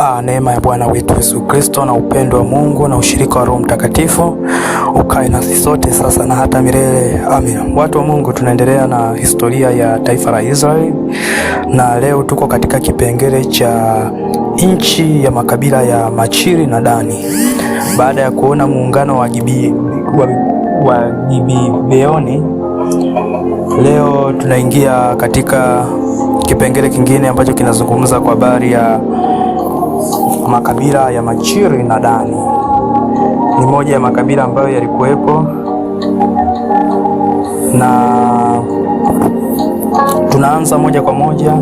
Ah, neema ya Bwana wetu Yesu Kristo na upendo wa Mungu na ushirika wa Roho Mtakatifu ukae nasi sote sasa na hata milele. Amina. Watu wa Mungu, tunaendelea na historia ya taifa la Israeli na leo tuko katika kipengele cha nchi ya makabila ya Machiri na Dani. Baada ya kuona muungano wa Gibi, wa, wa Gibeoni, leo tunaingia katika kipengele kingine ambacho kinazungumza kwa habari ya makabila ya Machiri na Dani ni moja ya makabila ambayo yalikuwepo, na tunaanza moja kwa moja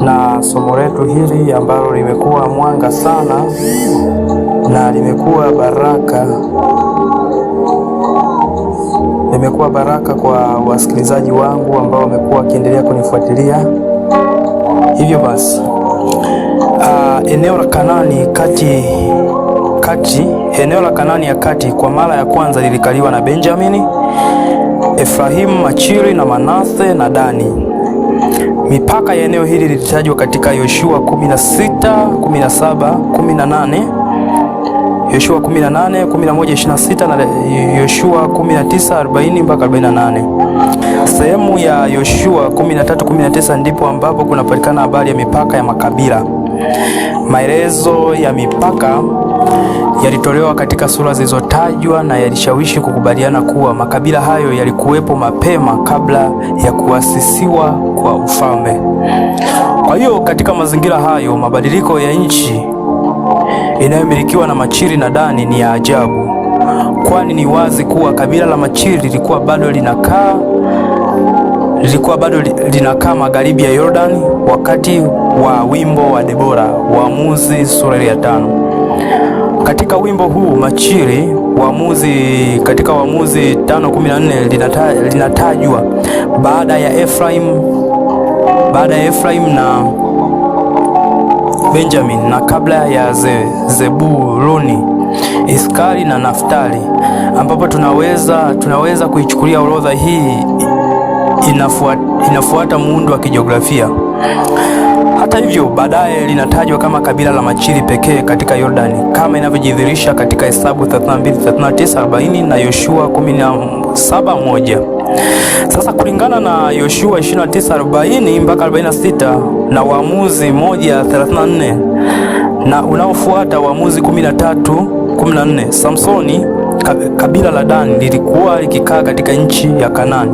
na somo letu hili ambalo limekuwa mwanga sana na limekuwa baraka, limekuwa baraka kwa wasikilizaji wangu ambao wamekuwa wakiendelea kunifuatilia. Hivyo basi eneo la Kanani kati, kati eneo la Kanani ya kati kwa mara ya kwanza lilikaliwa na Benjamini, Efrahimu, Machiri na Manase na Dani. Mipaka ya eneo hili lilitajwa katika Yoshua 16, 17, 18, Yoshua 18, 11, 26 na Yoshua 19, 40 mpaka 48. Sehemu ya Yoshua 13, 19 ndipo ambapo kunapatikana habari ya mipaka ya makabila. Maelezo ya mipaka yalitolewa katika sura zilizotajwa na yalishawishi kukubaliana kuwa makabila hayo yalikuwepo mapema kabla ya kuasisiwa kwa ufalme. Kwa hiyo katika mazingira hayo, mabadiliko ya nchi inayomilikiwa na Machiri na Dani ni ya ajabu, kwani ni wazi kuwa kabila la Machiri lilikuwa bado linakaa lilikuwa bado linakaa magharibi ya Yordani wakati wa wimbo wa Debora, Waamuzi sura ya tano. Katika wimbo huu machiri Waamuzi, katika Waamuzi 5:14 linata, linatajwa baada ya Efraim, baada ya Efraim na Benjamin na kabla ya ze, Zebuluni, Iskari na Naftali, ambapo tunaweza, tunaweza kuichukulia orodha hii inafuata, inafuata muundo wa kijiografia. Hata hivyo, baadaye linatajwa kama kabila la Machiri pekee katika Yordani kama inavyojidhihirisha katika Hesabu 32, 39, 40 na Yoshua 17:1. Sasa kulingana na Yoshua 29:40 mpaka 46 na Waamuzi 1:34 na unaofuata Waamuzi 13:14, Samsoni kabila la Dani lilikuwa likikaa katika nchi ya Kanani.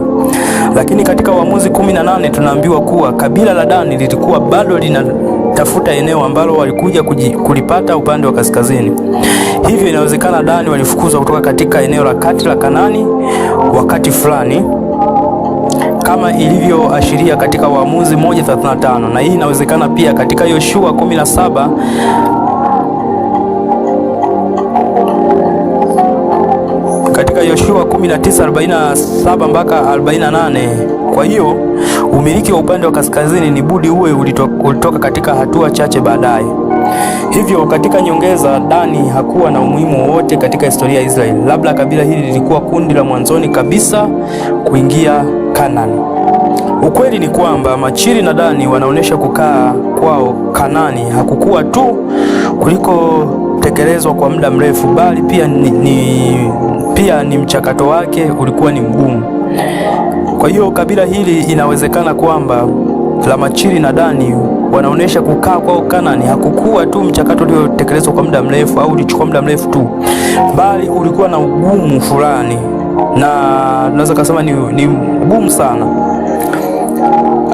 Lakini katika Waamuzi 18 tunaambiwa kuwa kabila la Dani lilikuwa bado linatafuta eneo ambalo walikuja kulipata upande wa kaskazini. Hivyo inawezekana Dani walifukuzwa kutoka katika eneo la kati la Kanani wakati fulani kama ilivyoashiria katika Waamuzi 1:35 na hii inawezekana pia katika Yoshua 17 1947 mpaka 48. Kwa hiyo umiliki wa upande wa kaskazini ni budi uwe ulitoka katika hatua chache baadaye. Hivyo katika nyongeza, Dani hakuwa na umuhimu wowote katika historia ya Israeli. Labda kabila hili lilikuwa kundi la mwanzoni kabisa kuingia Kanani. Ukweli ni kwamba Machiri na Dani wanaonyesha kukaa kwao Kanani hakukuwa tu kuliko tekelezwa kwa muda mrefu, bali pia ni, ni pia ni mchakato wake ulikuwa ni mgumu. Kwa hiyo kabila hili inawezekana kwamba Machiri na Dani wanaonesha kukaa kwao Kanaani hakukuwa tu mchakato uliotekelezwa kwa muda mrefu au ulichukua muda mrefu tu, bali ulikuwa na ugumu fulani, na tunaweza kusema ni, ni mgumu sana.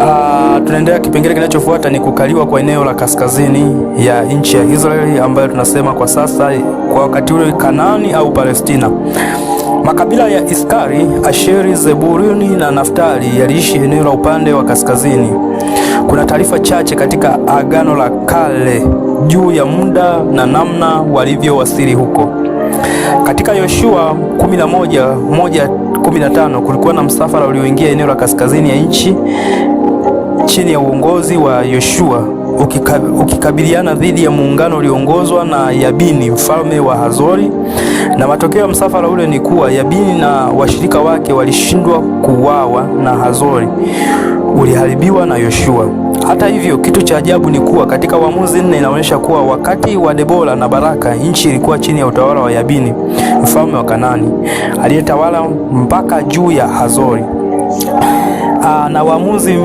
Ah, tunaendelea. Kipengele kinachofuata ni kukaliwa kwa eneo la kaskazini ya nchi ya Israeli ambayo tunasema kwa sasa kwa wakati ule Kanaani au Palestina. Makabila ya Iskari, Asheri, Zebuluni na Naftali yaliishi eneo la upande wa kaskazini. Kuna taarifa chache katika Agano la Kale juu ya muda na namna walivyowasili huko. Katika Yoshua 11:1-15 kulikuwa na msafara ulioingia eneo la kaskazini ya nchi chini ya uongozi wa Yoshua ukikabiliana dhidi ya muungano ulioongozwa na Yabini mfalme wa Hazori, na matokeo ya msafara ule ni kuwa Yabini na washirika wake walishindwa kuuawa na Hazori uliharibiwa na Yoshua. Hata hivyo, kitu cha ajabu ni kuwa katika Waamuzi nne inaonyesha kuwa wakati wa Debora na Baraka nchi ilikuwa chini ya utawala wa Yabini mfalme wa Kanani aliyetawala mpaka juu ya Hazori. Aa, ah, na Waamuzi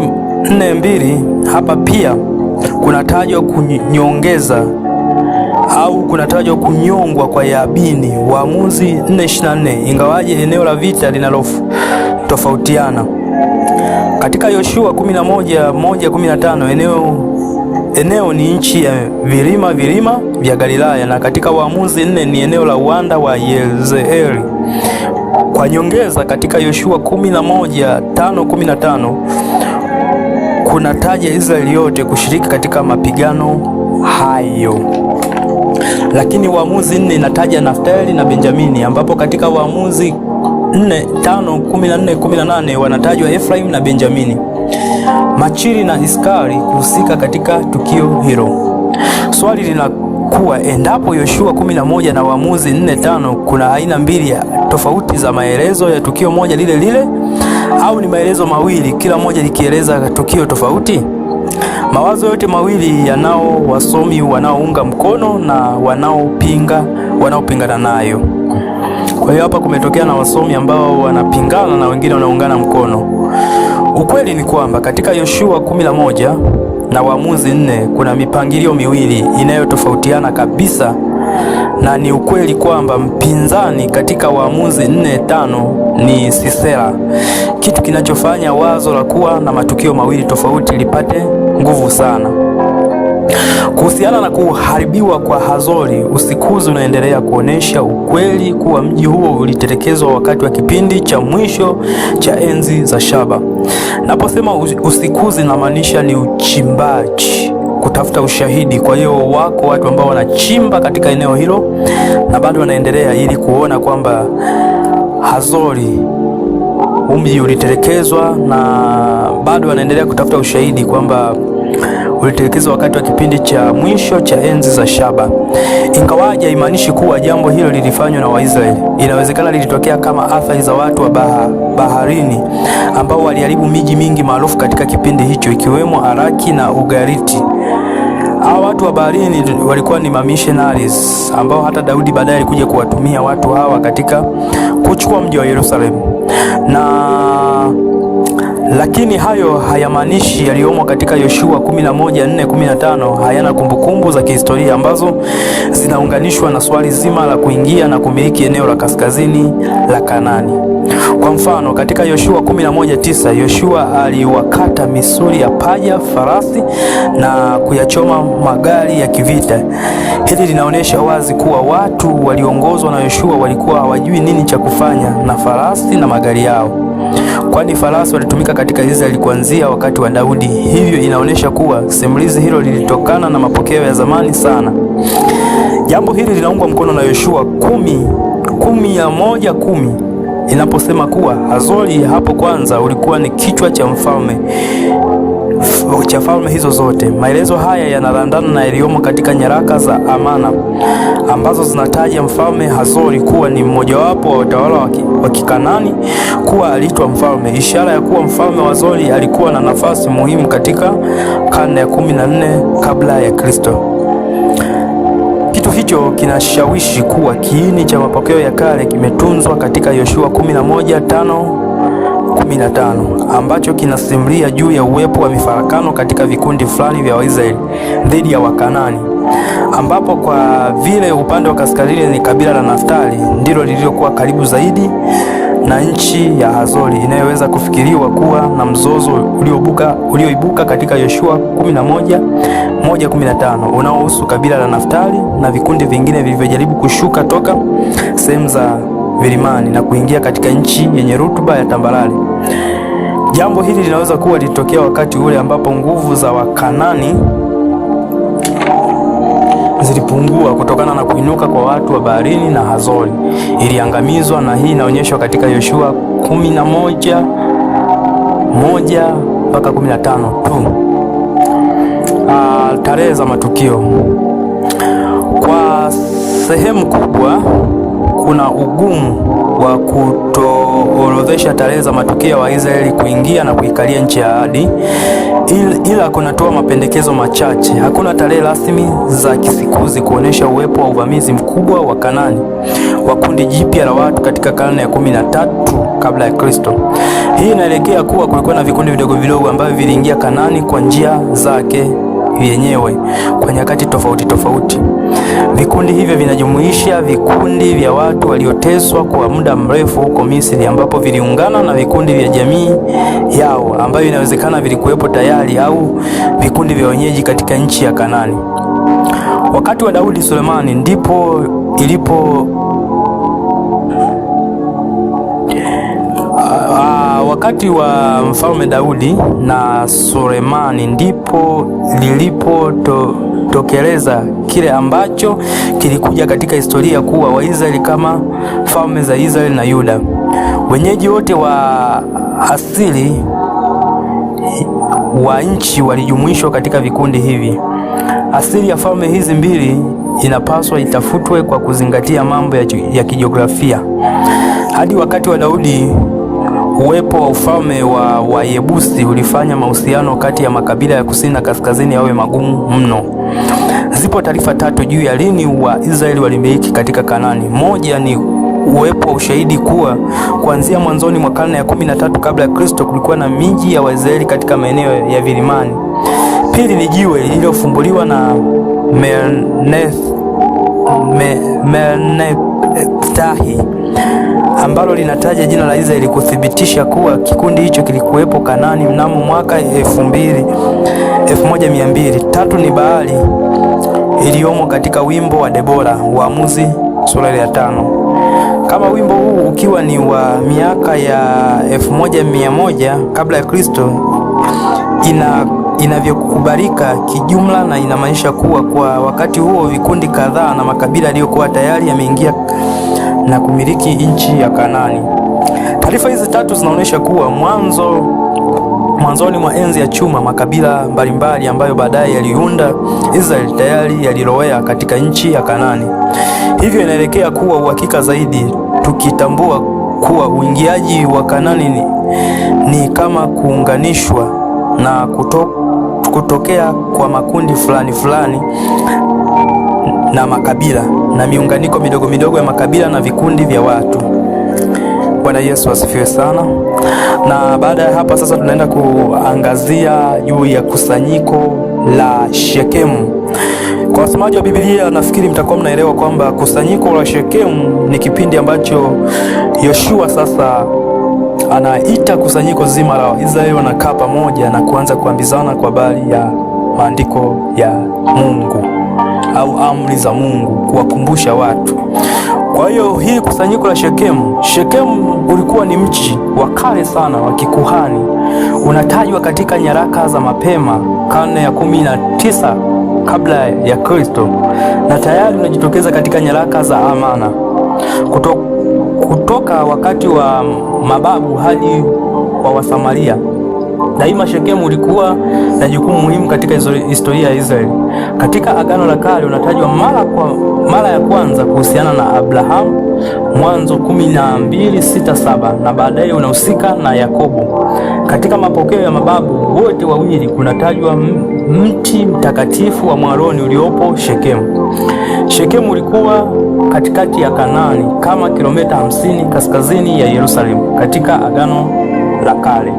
42 hapa pia kunatajwa kunyongeza au kunatajwa kunyongwa kwa Yabini, Waamuzi 4:24, ingawaje eneo la vita linalotofautiana. Katika Yoshua 11:1-15 eneo eneo ni nchi ya vilima vilima vya Galilaya, na katika Waamuzi nne ni eneo la uwanda wa Yezeeli. Kwa nyongeza, katika Yoshua 11:5-15 kunataja Israeli yote kushiriki katika mapigano hayo. Lakini Waamuzi nne inataja Naftali na Benjamini, ambapo katika Waamuzi 4 5 14 18 wanatajwa Efraim na Benjamini, Machiri na Iskari kuhusika katika tukio hilo. Swali linakuwa endapo Yoshua 11 na Waamuzi 4 5 kuna aina mbili tofauti za maelezo ya tukio moja lile lile au ni maelezo mawili kila moja likieleza tukio tofauti? Mawazo yote mawili yanao wasomi wanaounga mkono na wanaopinga wanaopingana nayo. Kwa hiyo hapa kumetokea na wasomi ambao wanapingana na wengine wanaungana mkono. Ukweli ni kwamba katika Yoshua kumi na moja na Waamuzi nne kuna mipangilio miwili inayotofautiana kabisa, na ni ukweli kwamba mpinzani katika Waamuzi nne tano ni Sisera, kitu kinachofanya wazo la kuwa na matukio mawili tofauti lipate nguvu sana. Kuhusiana na kuharibiwa kwa Hazori, usikuzi unaendelea kuonesha ukweli kuwa mji huo ulitelekezwa wakati wa kipindi cha mwisho cha enzi za shaba. Naposema usikuzi, namaanisha ni uchimbaji, kutafuta ushahidi. Kwa hiyo wako watu ambao wanachimba katika eneo hilo na bado wanaendelea ili kuona kwamba Hazori mji ulitelekezwa na bado wanaendelea kutafuta ushahidi kwamba ulitelekezwa wakati wa kipindi cha mwisho cha enzi za shaba. Ingawaje haimaanishi kuwa jambo hilo lilifanywa na Waisraeli, inawezekana lilitokea kama athari za watu wa baha, baharini ambao waliharibu miji mingi maarufu katika kipindi hicho ikiwemo Araki na Ugariti. Hawa watu wa baharini walikuwa ni mamissionaries ambao hata Daudi baadaye alikuja kuwatumia watu hawa katika kuchukua mji wa Yerusalemu. No. Lakini hayo hayamaanishi yaliyomo katika Yoshua 11:4-15 hayana kumbukumbu za kihistoria ambazo zinaunganishwa na swali zima la kuingia na kumiliki eneo la kaskazini la kanani Kwa mfano, katika Yoshua 11:9 Yoshua aliwakata misuli ya paja, farasi na kuyachoma magari ya kivita. Hili linaonyesha wazi kuwa watu waliongozwa na Yoshua walikuwa hawajui nini cha kufanya na farasi na magari yao kwani farasi walitumika katika Israeli kuanzia wakati wa Daudi. Hivyo inaonyesha kuwa simulizi hilo lilitokana na mapokeo ya zamani sana. Jambo hili linaungwa mkono na Yoshua kumi kumi ya moja kumi inaposema kuwa Hazori hapo kwanza ulikuwa ni kichwa cha mfalme cha falme hizo zote. Maelezo haya yanalandana na yaliyomo katika nyaraka za Amana ambazo zinataja mfalme Hazori kuwa ni mmojawapo wa watawala wa Kikanani kuwa aliitwa mfalme, ishara ya kuwa mfalme wa Zori alikuwa na nafasi muhimu katika karne ya kumi na nne kabla ya Kristo. Kitu hicho kinashawishi kuwa kiini cha mapokeo ya kale kimetunzwa katika Yoshua 11:5 15 ambacho kinasimulia juu ya uwepo wa mifarakano katika vikundi fulani vya Waisraeli dhidi ya Wakanani ambapo kwa vile upande wa kaskazini ni kabila la Naftali ndilo lililokuwa karibu zaidi na nchi ya Hazori inayoweza kufikiriwa kuwa na mzozo ulioibuka ulioibuka katika Yoshua 11 1:15 unaohusu kabila la Naftali na vikundi vingine vilivyojaribu kushuka toka sehemu za vilimani na kuingia katika nchi yenye rutuba ya tambarare. Jambo hili linaweza kuwa lilitokea wakati ule ambapo nguvu za Wakanani zilipungua kutokana na kuinuka kwa watu wa baharini na Hazori iliangamizwa, na hii inaonyeshwa katika Yoshua kumi na moja moja mpaka kumi na tano tu. Ah, tarehe za matukio kwa sehemu kubwa kuna ugumu wa kutoorodhesha tarehe za matukio ya Waisraeli kuingia na kuikalia nchi ya ahadi il, ila kunatoa mapendekezo machache. Hakuna tarehe rasmi za kisikuzi kuonesha uwepo wa uvamizi mkubwa wa Kanani wa kundi jipya la watu katika karne ya kumi na tatu kabla ya Kristo. Hii inaelekea kuwa kulikuwa na vikundi vidogo vidogo ambavyo viliingia Kanani kwa njia zake vyenyewe kwa nyakati tofauti tofauti. Vikundi hivyo vinajumuisha vikundi vya watu walioteswa kwa muda mrefu huko Misri, ambapo viliungana na vikundi vya jamii yao ambayo inawezekana vilikuwepo tayari au vikundi vya wenyeji katika nchi ya Kanani. Wakati wa Daudi Sulemani ndipo ilipo wakati wa mfalme Daudi na Sulemani ndipo lilipotokeleza kile ambacho kilikuja katika historia kuwa Waisraeli kama falme za Israeli na Yuda. Wenyeji wote wa asili wa nchi walijumuishwa katika vikundi hivi. Asili ya falme hizi mbili inapaswa itafutwe kwa kuzingatia mambo ya, ya kijiografia. Hadi wakati wa Daudi Uwepo wa ufalme wa Wayebusi ulifanya mahusiano kati ya makabila ya kusini na kaskazini yawe magumu mno. Zipo taarifa tatu juu ya lini Waisraeli walimiliki katika Kanaani. Moja ni uwepo wa ushahidi kuwa kuanzia mwanzoni mwa karne ya kumi na tatu kabla ya Kristo kulikuwa na miji ya Waisraeli katika maeneo ya vilimani. Pili ni jiwe lililofumbuliwa na me, ambalo linataja jina la Israeli kuthibitisha kuwa kikundi hicho kilikuwepo kanani mnamo mwaka elfu mbili elfu moja mia mbili. Tatu ni Baali iliyomo katika wimbo wa Debora, Waamuzi sura ya tano. Kama wimbo huu ukiwa ni wa miaka ya elfu moja mia moja kabla ya Kristo ina inavyokubalika kijumla na inamaanisha kuwa kwa wakati huo vikundi kadhaa na makabila yaliyokuwa tayari yameingia na kumiliki nchi ya Kanaani. Taarifa hizi tatu zinaonyesha kuwa mwanzo mwanzoni mwa enzi ya chuma makabila mbalimbali ambayo baadaye yaliunda Israeli tayari yalilowea katika nchi ya Kanaani. Hivyo inaelekea kuwa uhakika zaidi tukitambua kuwa uingiaji wa Kanaani ni, ni kama kuunganishwa na kuto, kutokea kwa makundi fulani fulani na makabila na miunganiko midogo midogo ya makabila na vikundi vya watu. Bwana Yesu asifiwe sana. Na baada ya hapa sasa tunaenda kuangazia juu ya kusanyiko la Shekemu. Kwa wasomaji wa Biblia nafikiri mtakuwa mnaelewa kwamba kusanyiko la Shekemu ni kipindi ambacho Yoshua sasa anaita kusanyiko zima la israeli wanakaa pamoja na kuanza kuambizana kwa habari ya maandiko ya Mungu au amri za Mungu kuwakumbusha watu. Kwa hiyo hii kusanyiko la Shekemu, Shekemu ulikuwa ni mji wa kale sana wa kikuhani, unatajwa katika nyaraka za mapema karne ya kumi na tisa kabla ya Kristo, na tayari unajitokeza katika nyaraka za amana kutoka, kutoka wakati wa mababu hadi kwa Wasamaria. Daima Shekemu ulikuwa na jukumu muhimu katika historia ya Israeli. Katika Agano la Kale unatajwa mara kwa mara ya kwanza kuhusiana na Abrahamu, Mwanzo kumi na na baadaye unahusika na Yakobo. Katika mapokeo ya mababu wote wawili kunatajwa mti mtakatifu wa mwaroni uliopo Shekemu. Shekemu ulikuwa katikati ya Kanaani kama kilomita 50 kaskazini ya Yerusalemu katika Agano la Kale.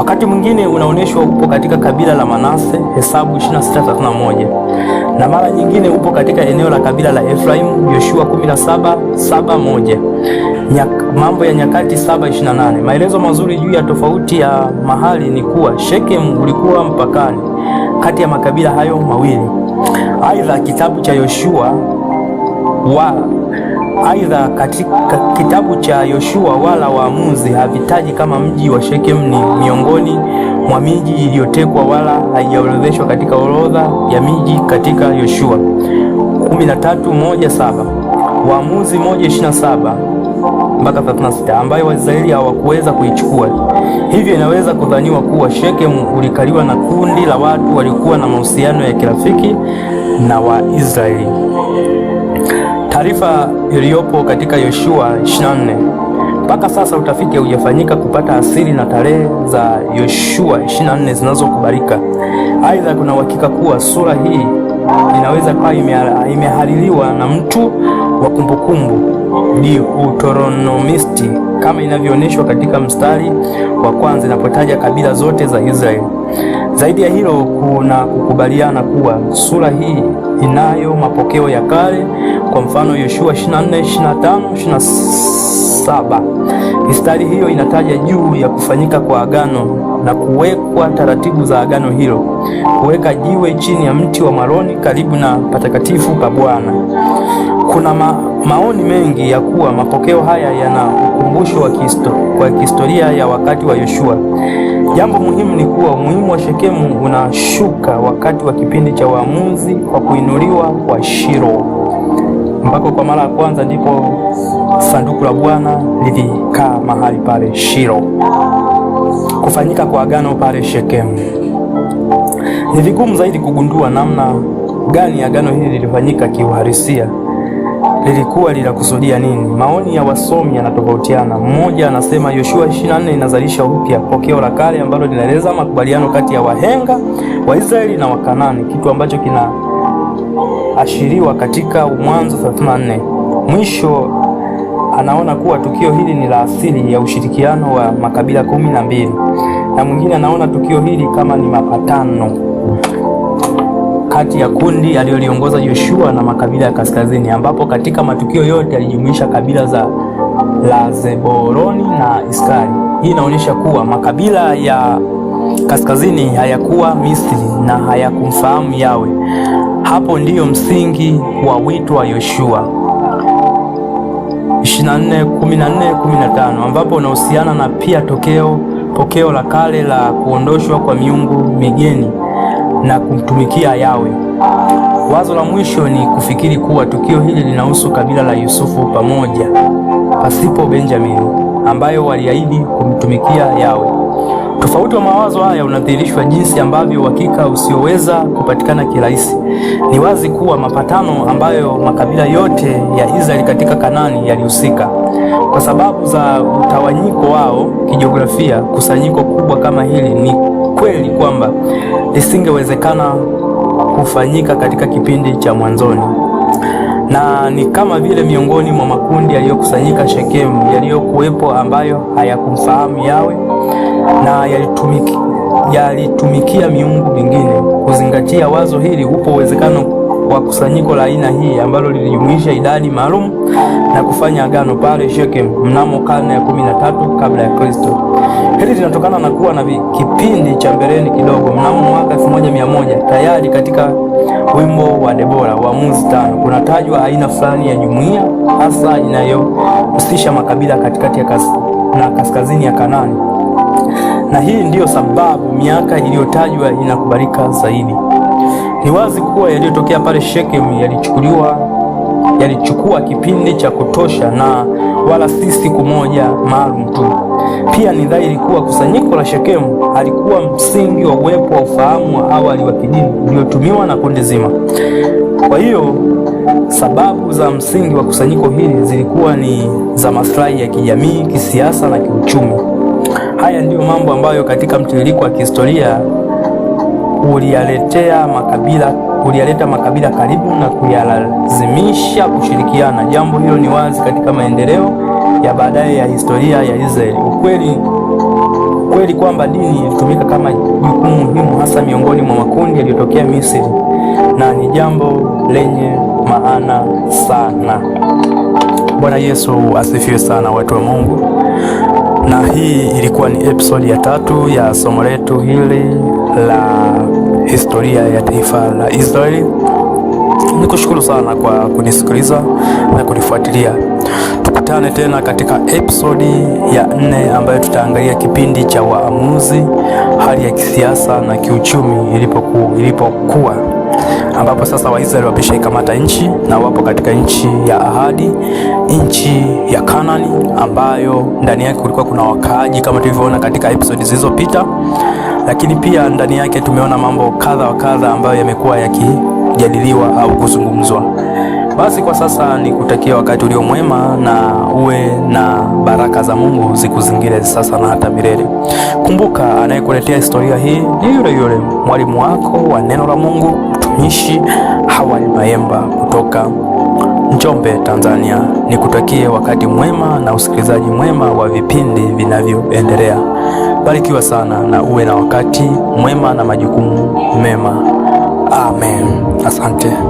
Wakati mwingine unaonyeshwa upo katika kabila la Manase, Hesabu 26:31, na mara nyingine upo katika eneo la kabila la efraim Yoshua 1771 Mambo ya Nyakati 7:28. Maelezo mazuri juu ya tofauti ya mahali ni kuwa Shekem ulikuwa mpakani kati ya makabila hayo mawili. Aidha, kitabu cha Yoshua wa Aidha, katika kitabu cha Yoshua wala Waamuzi havitaji kama mji wa Shekemu ni miongoni mwa miji iliyotekwa wala haijaorodheshwa katika orodha ya miji katika Yoshua 13:17, Waamuzi 1:27 mpaka 36 ambayo Waisraeli hawakuweza kuichukua. Hivyo inaweza kudhaniwa kuwa Shekemu ulikaliwa na kundi la watu walikuwa na mahusiano ya kirafiki na Waisraeli. Taarifa iliyopo katika Yoshua 24. Mpaka sasa utafiti haujafanyika kupata asili na tarehe za Yoshua 24 zinazokubalika. Aidha, kuna uhakika kuwa sura hii inaweza kuwa imehaririwa na mtu wa kumbukumbu Deuteronomisti kama inavyoonyeshwa katika mstari wa kwanza inapotaja kabila zote za Israeli. Zaidi ya hilo, kuna kukubaliana kuwa sura hii inayo mapokeo ya kale, kwa mfano Yoshua 24, 25, 27. Mistari hiyo inataja juu ya kufanyika kwa agano na kuwekwa taratibu za agano hilo, kuweka jiwe chini ya mti wa maroni karibu na patakatifu pa Bwana. Kuna ma, maoni mengi ya kuwa mapokeo haya yana ukumbusho wa kihistoria ya wakati wa Yoshua. Jambo muhimu ni kuwa umuhimu wa Shekemu unashuka wakati wa kipindi cha uamuzi wa kuinuliwa kwa shiro ambako kwa mara ya kwanza ndipo sanduku la Bwana lilikaa mahali pale shiro kufanyika kwa agano pale Shekemu. Ni vigumu zaidi kugundua namna gani agano hili lilifanyika kiuhalisia lilikuwa linakusudia nini? Maoni ya wasomi yanatofautiana. Mmoja anasema Yoshua 24 inazalisha upya pokeo la kale ambalo linaeleza makubaliano kati ya wahenga wa israeli na Wakanani, kitu ambacho kinaashiriwa katika Mwanzo 34. Mwisho anaona kuwa tukio hili ni la asili ya ushirikiano wa makabila kumi na mbili, na mwingine anaona tukio hili kama ni mapatano kati ya kundi aliyoliongoza yoshua na makabila ya kaskazini, ambapo katika matukio yote alijumuisha kabila za la Zeboroni na Iskari. Hii inaonyesha kuwa makabila ya kaskazini hayakuwa Misri na hayakumfahamu Yawe. Hapo ndiyo msingi wa wito wa Yoshua 24:14-15 ambapo unahusiana na pia tokeo pokeo la kale la kuondoshwa kwa miungu migeni na kumtumikia Yawe. Wazo la mwisho ni kufikiri kuwa tukio hili linahusu kabila la Yusufu pamoja pasipo Benjamini, ambayo waliahidi kumtumikia Yawe. Tofauti wa mawazo haya unadhihirishwa jinsi ambavyo uhakika usioweza kupatikana kirahisi. Ni wazi kuwa mapatano ambayo makabila yote ya Israeli katika kanani yalihusika kwa sababu za utawanyiko wao kijiografia. Kusanyiko kubwa kama hili ni kweli kwamba isingewezekana kufanyika katika kipindi cha mwanzoni, na ni kama vile miongoni mwa makundi yaliyokusanyika Shekemu yaliyokuwepo ambayo hayakumfahamu Yawe na yalitumiki, yalitumikia miungu mingine. Kuzingatia wazo hili, upo uwezekano wa kusanyiko la aina hii ambalo lilijumuisha idadi maalum na kufanya agano pale Shekemu mnamo karne ya kumi na kabla ya Kristo. Hili linatokana na kuwa na kipindi cha mbeleni kidogo, mnamo mwaka 1100 tayari katika wimbo wa Debora Waamuzi tano kunatajwa aina fulani ya jumuiya hasa inayohusisha makabila katikati ya kas na kaskazini ya kanani na hii ndiyo sababu miaka iliyotajwa inakubalika zaidi. Ni wazi kuwa yaliyotokea pale Shekemu yalichukuliwa yalichukua kipindi cha kutosha, na wala si siku moja maalum tu. Pia ni dhahiri kuwa kusanyiko la Shekemu halikuwa msingi wa uwepo wa ufahamu wa awali wa kidini uliotumiwa na kundi zima. Kwa hiyo sababu za msingi wa kusanyiko hili zilikuwa ni za maslahi ya kijamii, kisiasa na kiuchumi. Haya ndiyo mambo ambayo katika mtiririko wa kihistoria uliyaletea makabila uliyaleta makabila karibu na kuyalazimisha kushirikiana. Jambo hilo ni wazi katika maendeleo ya baadaye ya historia ya Israeli. Ukweli ukweli kwamba dini ilitumika kama jukumu muhimu hasa miongoni mwa makundi yaliyotokea Misri, na ni jambo lenye maana sana. Bwana Yesu asifiwe sana, watu wa Mungu. Na hii ilikuwa ni episodi ya tatu ya somo letu hili la historia ya taifa la Israeli. Nikushukuru sana kwa kunisikiliza na kunifuatilia tukutane tena katika episodi ya nne ambayo tutaangalia kipindi cha waamuzi, hali ya kisiasa na kiuchumi ilipokuwa ilipokuwa, ambapo sasa Waisraeli wameshaikamata nchi na wapo katika nchi ya ahadi, nchi ya Kanani ambayo ndani yake kulikuwa kuna wakaaji kama tulivyoona katika episodi zilizopita, lakini pia ndani yake tumeona mambo kadha wa kadha ambayo yamekuwa yakijadiliwa au kuzungumzwa. Basi kwa sasa ni kutakia wakati ulio mwema na uwe na baraka za Mungu zikuzingire sasa na hata milele. Kumbuka, anayekuletea historia hii ni yule yule mwalimu wako wa neno la Mungu, mtumishi hawali Mayemba kutoka Njombe, Tanzania. Nikutakie wakati mwema na usikilizaji mwema wa vipindi vinavyoendelea. Barikiwa sana na uwe na wakati mwema na majukumu mema. Amen. Asante.